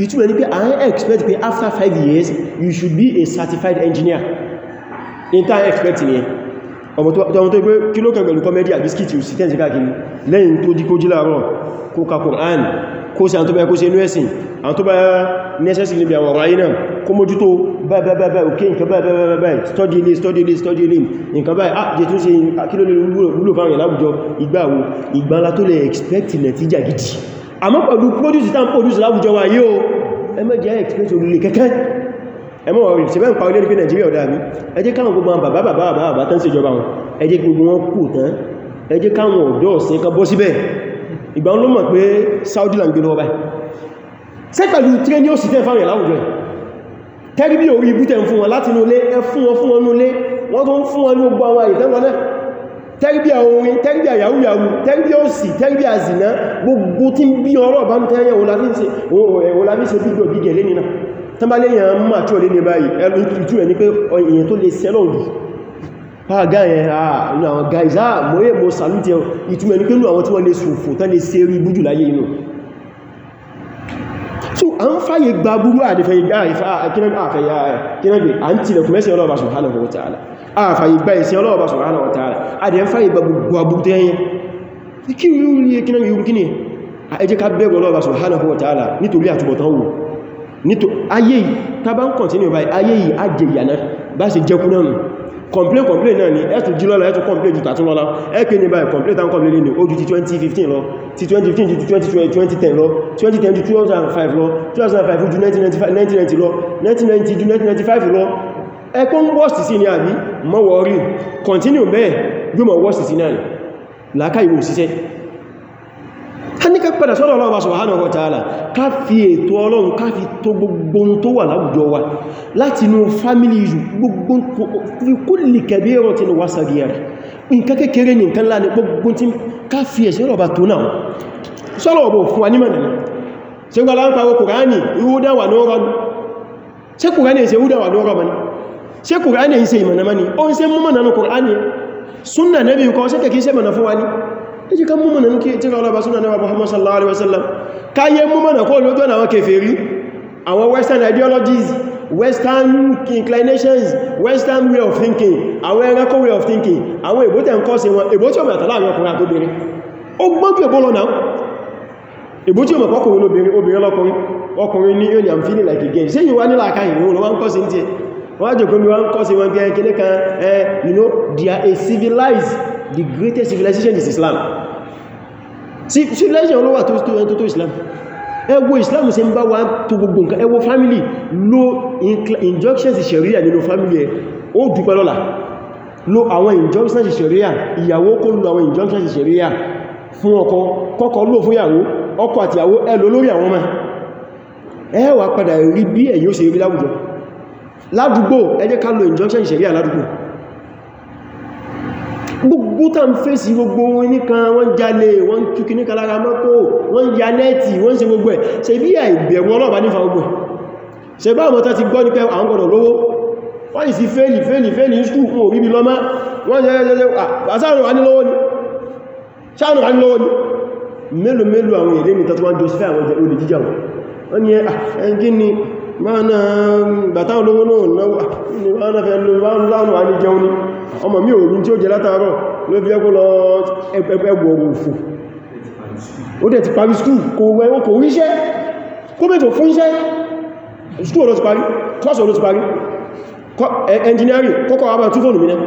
ìtumọ̀ ní pé i expect pé after five years you should be a certified engineer in time expect here ọmọ tó pé kí ló kẹ pẹ̀lú kọmẹ́dì àbískìtì òsì tẹ́ǹsì káàkiri lẹ́yìn tó dí kó jí láàárọ̀ kó ka Qur'an kó ṣe àtọ́bẹ̀ kó ṣe inú ẹ̀sìn àtọ́bẹ̀ necessary níbi àwọn ọ̀rọ̀ ayé náà kó mójútó báyìí òkè nǹkan báyìí study ilé study ilé study ilé nǹkan báyìí ah jẹ́ tún ṣe ah, kílò lè wúlò fáwọn ìlàbùjọ ìgbàwó ìgbàlá tó lè expect nẹ̀tíjà gidi àmọ́ pẹ̀lú produce tán produce láwùjọ wa yóò ẹmẹ́jẹ́ expect olùlé kẹ́kẹ́ ẹmọ́ ọ̀rìn tí bẹ́ẹ̀ ń parí lórí pé Nàìjíríà ọ̀dá mi ẹ jẹ́ káwọn gbogbo bàbá bàbá bàbá tán sí ìjọba wọn ẹ jẹ́ gbogbo wọn kù tán ẹ jẹ́ káwọn ọ̀dọ́ ọ̀sìn kan bọ́ síbẹ̀ ìgbà ló mọ̀ pé Saudi land gbẹ̀lọ́ ọba ṣe pẹ̀lú tíréní ó sì tẹ́ fáwọn ìyàláwùjọ tẹ́rí bí orí ibú tẹ́ ń fún wọn láti nulé ẹ fún wọn fún wọn nulé wọ́n tó ń fún wọn ní gbogbo àwọn àyè tẹ́wọn náà tẹ́rí bí orin tẹ́rí bí àyàwó yàwó tẹ́rí bí òsì tẹ́rí bí àzìná gbogbo tí ń bí ọ̀rọ̀ bá ń tẹ́yẹ̀ òun láti ṣe fídíò tán bá léyàn mọ́ àtúwọ̀ lé ní báyìí ẹlùn ìtú ẹni pé èyàn tó lè sẹ́lọ̀ jù pàgá yẹn àwọn àwọn guys ah mo yẹ mo salute ẹ ìtumẹ̀ ní pé ní àwọn tí wọ́n lè sòfò tán lè ṣe rí bújù láyé inú so a ń fàyè gba búrú àdífẹ́ ẹjẹ́ ká bẹ̀rẹ̀ Ọlọ́run subhanahu wa ta'ala nítorí àtúbọ̀tán wò nítò ayé yìí tàbá ń continue by ayé yìí á jẹ ìyànà bá ṣe jẹ́kú náà nù complain complain náà ni ẹ̀tù jí lọ́la ẹ̀tù complain jù tàtún lọ́la ẹ̀kẹ́ ní báyìí complain tán complain ní ó ju ti 2015 lọ ti 2015 ju ti 2010 lọ 2010 ju 2005 lọ 2005 ju 1990 lọ 1990 ju 1995 lọ ẹ̀kọ́ ń worst sí ní àbí mọ́ wọ́rí continue bẹ́ẹ̀ yóò mọ̀ worst sí náà láká ìwò òṣìṣẹ́ padà sọ́dọ̀ Ọlọ́run subhanahu wa ta'ala ká fi ètò Ọlọ́run ká fi tó gbogbo tó wà láwùjọ wa láti inú family issue gbogbo fi kulli kabiratin wa saghira nǹkan kékeré ní nǹkan láàrin gbogbo tí ká fi ẹ̀ṣẹ́ rọ̀bà tó náà sọ́lọ̀ ọ̀bọ̀ fún anímọ̀nà ṣe ń gbọ́lá ń pàwọ́ kùránì ìwúdà wà ní ọ̀rọ̀ ṣe kùránì ẹ̀ṣẹ́ ìwúdà wà ní ọ̀rọ̀ mani ṣe kùránì ẹ̀ṣẹ́ ìmọ̀nà mani ó ń ṣe mú mọ̀nà nù kùránì súnnà nẹ́bí nǹkan ṣe kẹ̀kí ṣe mọ̀nà fún wa ní ẹjẹ́ ká múmọ̀nà ní tí ó lọ́bà súnà náà Muhammad sallallahu alaihi wasallam káyẹ múmọ̀nà kó lójú ọ̀nà àwọn kèfèrí àwọn western ideologies western inclinations western way of thinking àwọn ẹranko way of thinking àwọn ìbótẹ̀ ń kọ́ sí wọn ìbótí ọmọ àtàlà àwọn ọkùnrin àtóbìnrin ó gbọ́n pẹ̀ bọ́lọ̀ náà ìbótí ọmọ pọ́kùnrin lóbìnrin obìnrin lọ́kùnrin ọkùnrin ní yóò ní like again ṣe yíò wá nílà àkáyìn ní olówá ń kọ́ sí ní tí wọ́n jẹ́ gómi wá ń kọ́ sí wọn gẹ́gẹ́ kan you know they are civilized the greatest civilization is Islam civilization ló wà tó tó tó Islam ẹgbò Islam ṣe ń bá wa tó gbogbo nǹkan ẹwọ family no injunctions sharia nínú family ẹ ó dúpẹ́ lọ́la lo àwọn injunctions sharia ìyàwó kó lo àwọn injunctions sharia fún ọkọ kọ́kọ́ lò fún ìyàwó ọkọ àti ìyàwó ẹ lò lórí àwọn ọmọ ẹ wá padà rí bí ẹ̀yin ó ṣe rí láwùjọ ládùúgbò ẹ ká lo injunction sharia ládùúgbò gbogbo tàn fèsì gbogbo wọn nìkan wọ́n jalè wọ́n túnkì ní kalára mọ́tò wọ́n ya nẹ́ẹ̀tì wọ́n ṣe gbogbo ẹ̀ ṣe bí àìbẹ̀rù ọlọ́ọ̀bá nífà gbogbo ẹ̀ ṣe bá ọmọ tán ti gbọ́ ní pé àwọn gbọ́dọ̀ lówó wọ́n sì fẹ́lì fẹ́lì fẹ́lì ní skúù fún òríbi lọ́má wọ́n jẹ́ jẹ́jẹ́ àṣàrùn ànílọ́wọ́ ni ṣàrùn ànílọ́wọ́ ni mélòó mélòó àwọn èdè mi tàtàwọn joseph àwọn olè jíjà wọn ni ẹgbẹ́ ni mana bàtà olówó náà náà fẹ́ lọ́nà àní jẹun ní ọmọ mi ò ní tí ó jẹ látàárọ̀ ló fi ẹgbọ́ lọ ẹgbẹ̀gbọ̀rọ̀ òfò ó dẹ̀ ti parí skúù kò wẹ́ kò ríṣẹ́ kó mẹ́tò fún iṣẹ́ skúù ló ti parí klọ́sì ló ti parí e, engineering kọ́kọ́ wà bá tún fóònù mi náà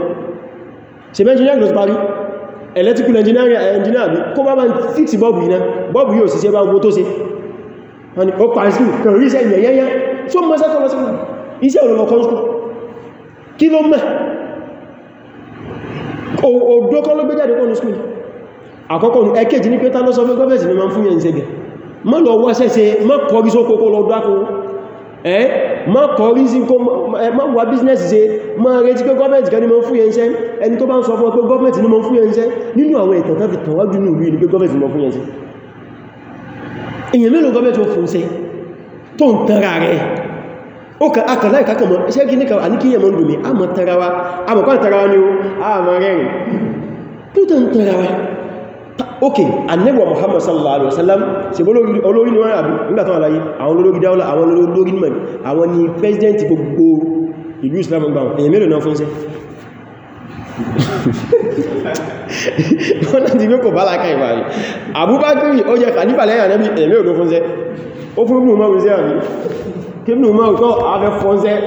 ṣe bẹ́ engineering ló ti parí electrical engineering e, engineer bí kó bá bá fix bọ́ọ̀bù yìí náà bọ́ọ̀bù yóò sì ṣe bá gbó tó ṣe tó mọ́ sẹ́kọ̀ lọ sí iṣẹ́ òlùmọ̀kọ́ skú kí ló mẹ́ òdókọ́ ló gbé jáde kọ́ ní skú àkọ́kọ́ ní ẹkẹ́jì ní pétà lọ́sọ fún gọ́fẹ́sì ni ma ń fún yẹn sẹ́gẹ̀ mọ́ lọ wá sẹ́sẹ́ mọ́ kọrí sí okòkò lọ dákò ẹ́ mọ́ kọrí sí mọ́ wà bísínẹ́sì se mọ́ retí pé gọ́fẹ́sì kan ní ma ń fún yẹn sẹ́ ẹni tó bá ń sọ fún ọ pé gọ́fẹ́sì ní ma ń fún yẹn sẹ́ nínú àwọn ìtàn tán fi tàn wájú tó ń tara rẹ̀ ó kà ákàlá ìkàkàmọ̀ iṣẹ́ kí ní kàwà ní kí yẹmọ̀ ń dùn mí a mọ̀ tarawa a mọ̀ kàn tarawa ni ó a mọ̀ rẹ̀rìn pútọ̀ ń tarawa ok Ànábì Muhammad sallallahu alaihi wasallam ṣe olórí ni wọ́n rà nígbà tó aláyé àwọn olórí dáwọ́lá àwọn olórí mọ̀ àwọn ni president gbogbo ìlú Islam gbàmù èyàn mélòó náà fún ṣe wọ́n láti mẹ́kọ̀ọ́ bá lákàá ìbàrí Abubakar ó jẹ́ kàlífà lẹ́yìn Ànábì èyàn mélòó fún ó fún Ibn Umar sí àrí kí Ibn Umar kọ́ ààrẹ fọ́nṣẹ́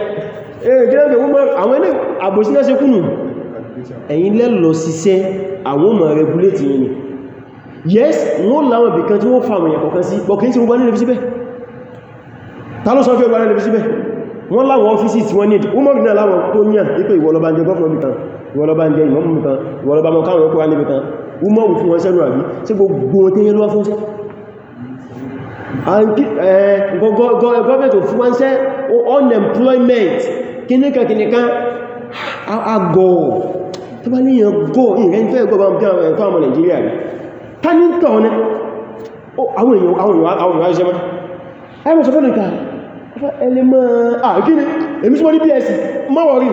ẹ̀yìn lẹ́lọ síṣẹ́ àwọn ọmọ regulate yìí ni yes wọ́n láwọn ibìkan tí wọ́n fa àwọn ẹ̀kọ̀kan sí bọ̀ kìí tí wọ́n bá nílẹ̀ síbẹ̀ ta ló sọ fẹ́ bá nílẹ̀ síbẹ̀ wọ́n láwọn ọ́fíìsì tí wọ́n need umar náà láwọn tó yàn ipé ìwọlọba jẹ gọ́fún ọmọbìkan ìwọlọba jẹ ìmọ̀mọ̀bìkan ìwọlọba mọ̀káwọn ọkọ̀ wá níbìkan umar fún wọn sẹ́nu àbí sí gbogbo tí yẹ́ lọ́wọ́ fún sẹ́ Eh, government of france eh, unemployment kíníkà kíníkà agọ̀ tó bá níyàn gọ́ ìrìn fẹ́ gọ́ bá ń bí àwọn ẹ̀fẹ́ ọmọ Nàìjíríà rí ká ní tọ̀ ní àwọn èèyàn àwọn èèyàn mọ́ ẹmọ́ sọ fẹ́lẹ̀ká ẹlẹ́mọ́ àgíní èmi sọ ní bs mọ́wọ̀rí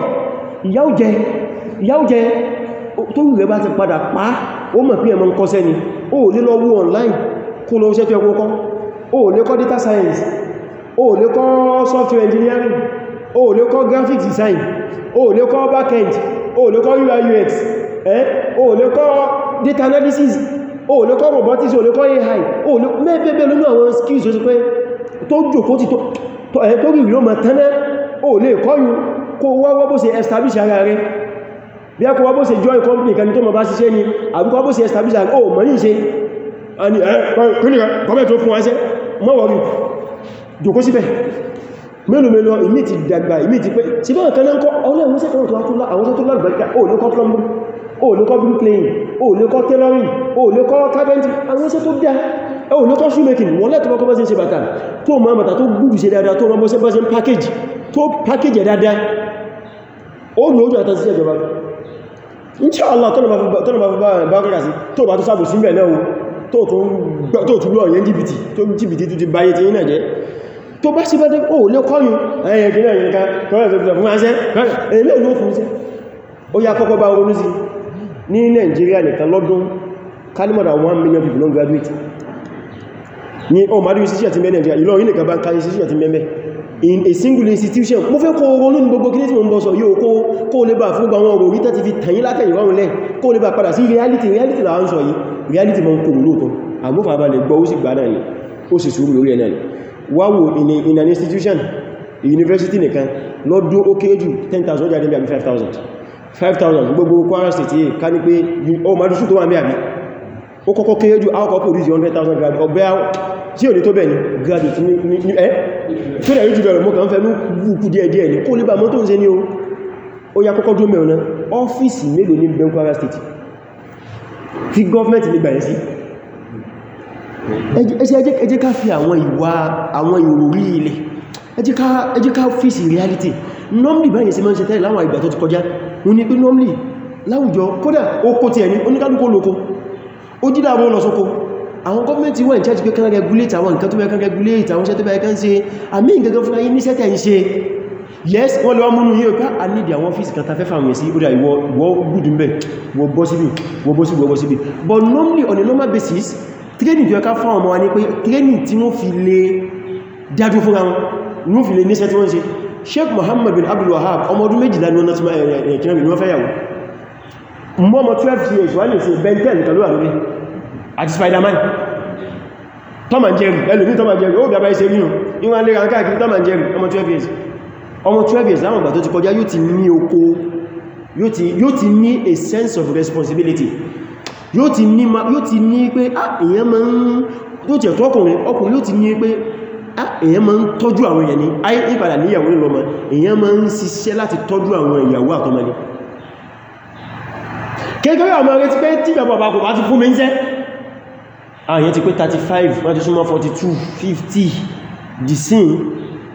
ìyáújẹ tó o le kọ́ data science o le kọ́ software engineering o le kọ́ graphic design o le kọ́ backend o le kọ́ UI UX eh o le kọ́ data analysis o le kọ́ robotics o lè kọ́ AI o lè mẹ́bẹ̀bẹ̀ lónú àwọn skills tó sì pé tó jòkó ti tó rí ìlú mọ̀ tánẹ́ o lè kọ́ yìí kó wọ́wọ́ bó ṣe establish ara rẹ̀ bí a kó wọ́wọ́ bó ṣe join company kan tó mọ̀ bá ṣiṣẹ́ ni àbíkọ́ bó ṣe establish ara rẹ̀ o mọ̀ ní ṣe mọ́wọ̀rí jòkó síbẹ̀ mélòó mélòó ìmí ti dàgbà ìmí ti pé tí bá nǹkan náà kọ́ ọlẹ́ àwọn sẹ́kọ̀ọ́ àwọn tó lágbàríkà ó lè kọ́ plumbing ó lè kọ́ bricklaying ó lè kọ́ tailoring ó lè kọ́ carpentry àwọn iṣẹ́ tó dá ó lè kọ́ shoemaking wọ́n lẹ́tọ́ mọ́kọ́ bọ́sí ṣe bàtà tó ma bàtà tó gbùdù ṣe dáadáa tó ma bọ́sí bọ́sí package tó package dáadáa ó ní ojú àtàzí ìjọba Insha Allah tọ́nà bá fi bá rẹ̀ sí tó bá tó sáàbò sí mẹ́ náà tó tún lọ yẹn jìbìtì tó jìbìtì tó ti báyé ti yínà jẹ́ tó bá sí bá dé ó lé kọ́yìn ẹ̀yẹ̀ kìí ẹ̀yìn ká kọ́rẹ̀ ní Nàìjíríà nìkan lọ́dún kálímọ̀dà 1 million people don graduate ní ọmọdé institution ti mẹ́rin Nàìjíríà ìlọ́rin nìkan bá ń ká institution ti mẹ́mẹ́ in a single institution mo fẹ́ kó ronú ní gbogbo kílé tí mo ń bọ́ sọ yóò kó lè bá fún gbogbo àwọn òròrí tàti fi tàyí látẹ̀yìnwá òun lẹ́ kó lè bá padà sí reality reality là ń sọ yìí reality ma ń kò lóòtọ́ àmúfàbalẹ̀ gbọ́ ó sì gbà náà ni ó sì sùúrù lórí ẹ̀nà ni wáwò in an institution university nìkan lọ́dún ó kéré jù 10,000 jáde bí àbí 5,000 5,000 gbogbo Kwara State yìí ká ní pé ó ma dúsù tó wà mẹ́ àbí ó kọ́kọ́ kéré jù áwọ́kọ́ kò dìjì 100,000 grad ọgbẹ́ tí ò ní tó bẹ̀ ní graduate ní ẹ́ tó dẹ̀ jù bẹ̀rẹ̀ mọ́ kàn fẹ́ ní kú díẹ̀ díẹ̀ ní kó lébà mọ́tò ń ṣe ní o ó yá kọ́kọ́ dúró mẹ́rin náà ọ́fíìsì mélòó ní Ben Kwara State tí gọ́ọ̀mẹ́ntì lè bẹ̀rẹ̀ sí ẹ jẹ́ ká fi àwọn ìwà àwọn ìròrí ilẹ̀ ẹ jẹ́ ká fi sí reality normally báyìí sí mọ́ṣẹ́ tẹ́lẹ̀ láwọn ìgbà tó ti kọjá wọ́n ní pé normally láwùjọ kódà oko ti ẹni oníkálùkù olóko ó jídà àwọn olóṣoko àwọn gọ́ọ̀mẹ́ntì wọ́n charge pé kán regulate àwọn nǹkan tó bẹ́ kán regulate àwọn iṣẹ́ tó bẹ́ kán ṣe àmì ìgẹ́gẹ́ fún ayé níṣẹ́ tẹ́ ń ṣe yes wọ́n lọ múnú yíò ká a nídi àwọn ọ́fíìsì kan tafẹ́ fàwọn èsì ó dá ìwọ gúdù mẹ́ wọ́n bọ́ síbí wọ́n bọ́ síbí wọ́n bọ́ síbí but normally on a normal basis training tí ó ká fáwọn ọmọ wa ní pé training tí wọ́n fi lè dájú fúnra wọn ní wọ́n fi lè níṣẹ́ tí wọ́n ṣe Sheikh Muhammad bin Abdul Wahab ọmọ ọdún méjìlá ni wọ́n náà ti máa ẹ̀rẹ̀ kìnnà mi wọ́n fẹ́ yàwó mọ́ ọmọ 12 years wà lè ṣe Ben 10 kan ló wà lórí àti Spiderman Tom and Jerry ẹlòmí Tom and Jerry ó gàbá ìṣẹ́ nínú ìwọ̀n lè ràn káàkiri Tom and Jerry ọmọ 12 years ọmọ 12 years láwọn ìgbà tó ti kọjá yóò ti ní oko yóò ti ní a sense of responsibility yóò ti ní pé ah, èyàn ma ń yóò ti ẹ̀tọ́ ọkùnrin ọkùnrin yóò ti ní pé ah, èyàn ma ń tọ́jú àwọn èyàn ní ayé ìpadà níyàwó nílọ́mọ èyàn ma ń ṣiṣẹ́ láti tọ́jú àwọn ìyàwó àtọmọ ni kékeré ọmọ rẹ̀ ti pé tí ìjọba bá kò bá ti fún mi ń sẹ́ àyẹ́ ti pé 35 wọ́n ti súnmọ́ 42 50 dìsín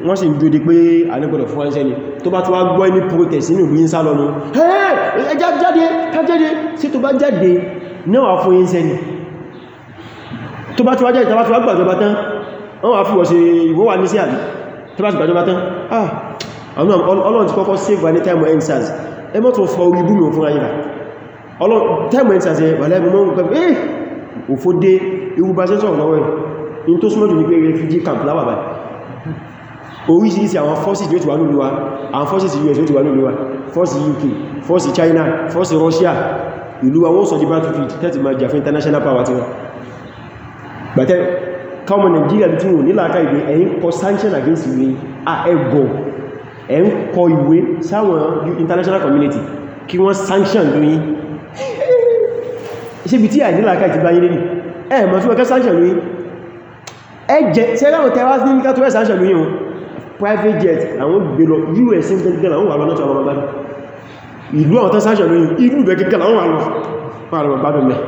wọ́n sì ń dúdí pé àníkọ̀dọ̀ fún ẹsẹ́ ni tó bá tó wá gbọ́ ní protest inú ní sálọ ní ẹ̀ jáde jáde sí tó bá jáde náà fún ẹsẹ́ ni tó bá tó wá jáde tó bá tó wá gbàjọba tán wọ́n wá fúwọ́ sí ìwọ́ wà ní sí àbí tó bá tó gbàjọba tán ah ọlọ́run ti kọ́kọ́ save by the time end sars ẹ mọ́ tó fọ orí búmi òfin ayíra time end sars ẹ wà lẹ́gbẹ̀ mọ́ nǹkan eh òfódé irú bá sẹ́sọ̀ lọ́wọ́ ẹ̀ in tó súnmọ́ jù ní pé refugee camp láwàbáyìí oríṣiríṣi àwọn forces yóò ti wà lóluwa àwọn forces US yóò ti wà lóluwa forces UK forces China forces Russia ìlú àwọn sọ di battlefield tẹ́tì máa jà fún international power ti wọn gbàtẹ́ káwọn Nigeria tí wọ́n nílá aka ìgbé ẹ̀yìn kọ sanction against ìwé ẹgbọ́ ẹ̀ ń kọ ìwé sáwọn international community kí wọ́n sanction lóyìn ṣébi tí àìnílá aka ìtìbáyé lórí ẹ̀ mọ̀ fún ọkẹ́ sanction lóyìn ẹ jẹ́ sẹ́láwọ̀ tẹ́wàá ní ká tó ẹ̀ sanction lóyìn wọn private jet àwọn gbèrò us ní gẹ́gẹ́ àwọn wà a lọ́tọ̀ àwọn ọmọdé ìlú àwọn tánsáṣà lóyìn ìlú bẹ̀ gẹ́gẹ́ àwọn wà lọ àwọn ọmọdé mẹ́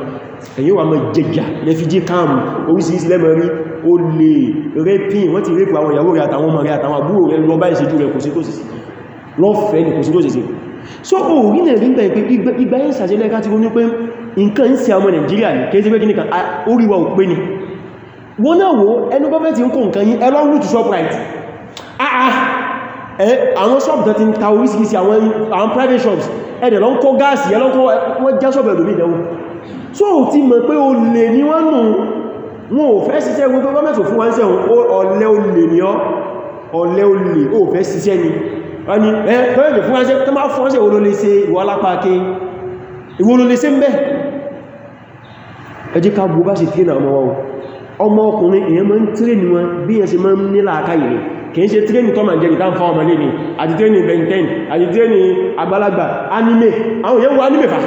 ẹ̀yìn wà mọ́ jẹjà lẹ́fíjí káàmù orísìírísìí lẹ́mọ̀rí ó lè rẹ́pìn wọ́n ti rẹ́pù àwọn ìyàwó rẹ̀ àtàwọn ọmọ rẹ̀ àtàwọn àbúrò rẹ̀ lọ bá ìṣẹ́jú rẹ̀ kò sí tó sì sí lọ́fẹ́ ní kò sí tó sì sí so orí nẹ̀ rí gbẹ̀ pé ìgbà yẹn sàṣẹ́lẹ́ ká ti ronú pé nǹkan ń ṣe àwọn Nàìjíríà ní kéèsí pé kíníkan oríwà òpé ni wọ́n náà wo ẹnu bọ́fẹ́ ti ń kó nǹkan yí ẹlọ́rùn to shoprite Ah, ah. Eh, àwọn ṣọ́pù tán ti ń ta orísìírísìí àwọn private shops ẹ̀dẹ̀ lọ ń kó gáàsì ẹ̀ lọ́kọ́ wọ́n já ṣọ́pù ẹ̀lòmí ìdẹ̀wò so ti mọ̀ pé o lè ní wọ́n nù wọn ò fẹ́ ṣiṣẹ́ gbogbo gọ́mẹ̀tò fún wọ́n sẹ́hùn ọ̀lẹ́ o lè ní ọ́ ọ̀lẹ́ o lè o fẹ́ ṣiṣẹ́ ni wọ́n ni ẹ́ gọ́mẹ̀tò fún wọ́n sẹ́ tó máa fọ́n sẹ́ ìwọ́n lè ṣe ìwọ́ alápáké ìwọ́n lè ṣe ń bẹ́ ẹ jẹ́ ká bú bá sì tí ọmọ ọkùnrin èèyàn máa ń kìí ṣe tírénì tọ́mà jẹ́rì tán fáwọn ọmọlé ni àti tírénì benten àti tírénì àgbàlagbà anime àwọn yẹn wo anime fà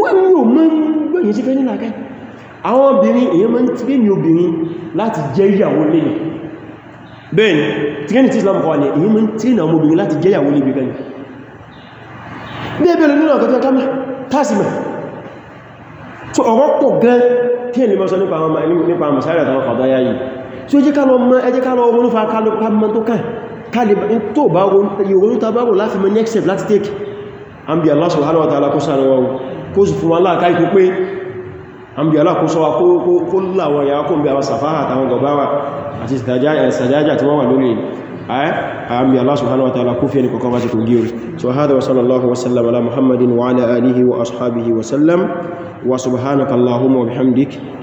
wọ́n ní o mọ́ gbẹ̀yìn sí fẹ́ nílá kẹ́ àwọn obìnrin èyàn mọ́ tírénì obìnrin láti jẹ́ ìyàwó lẹ́yìn bẹ́ẹ̀ni tírénì tí Islam kọwàlẹ̀ èyàn mọ́ tírénì àwọn obìnrin láti jẹ́ ìyàwó lẹ́yìn bẹ́ẹ̀ bẹ́ẹ̀ nínú ọ̀kọ̀tọ̀ kámá tásìmẹ̀ tó ọ̀rọ̀ pọ̀ gan kí ẹni tí ó jẹ́ kálọ mọ́ ẹjẹ́ kálọ ronú fa kálọ pàmọ́ tó kàn kálìbà tó bá ronú tàbá rò láti mọ́ next step láti take an bí Allah subhanahu wa ta'ala kó sàrẹ̀ wa kó sì fún Allah káì tó pé an bí Allah kó sọ wa kó láwọn ya kó bí àwọn sàfáhà eh, Allah subhanahu wa ta'ala kó so hada wa sallallahu wa sallam ala muhammadin wa alihi wa ashabihi wa wa subhanaka bihamdik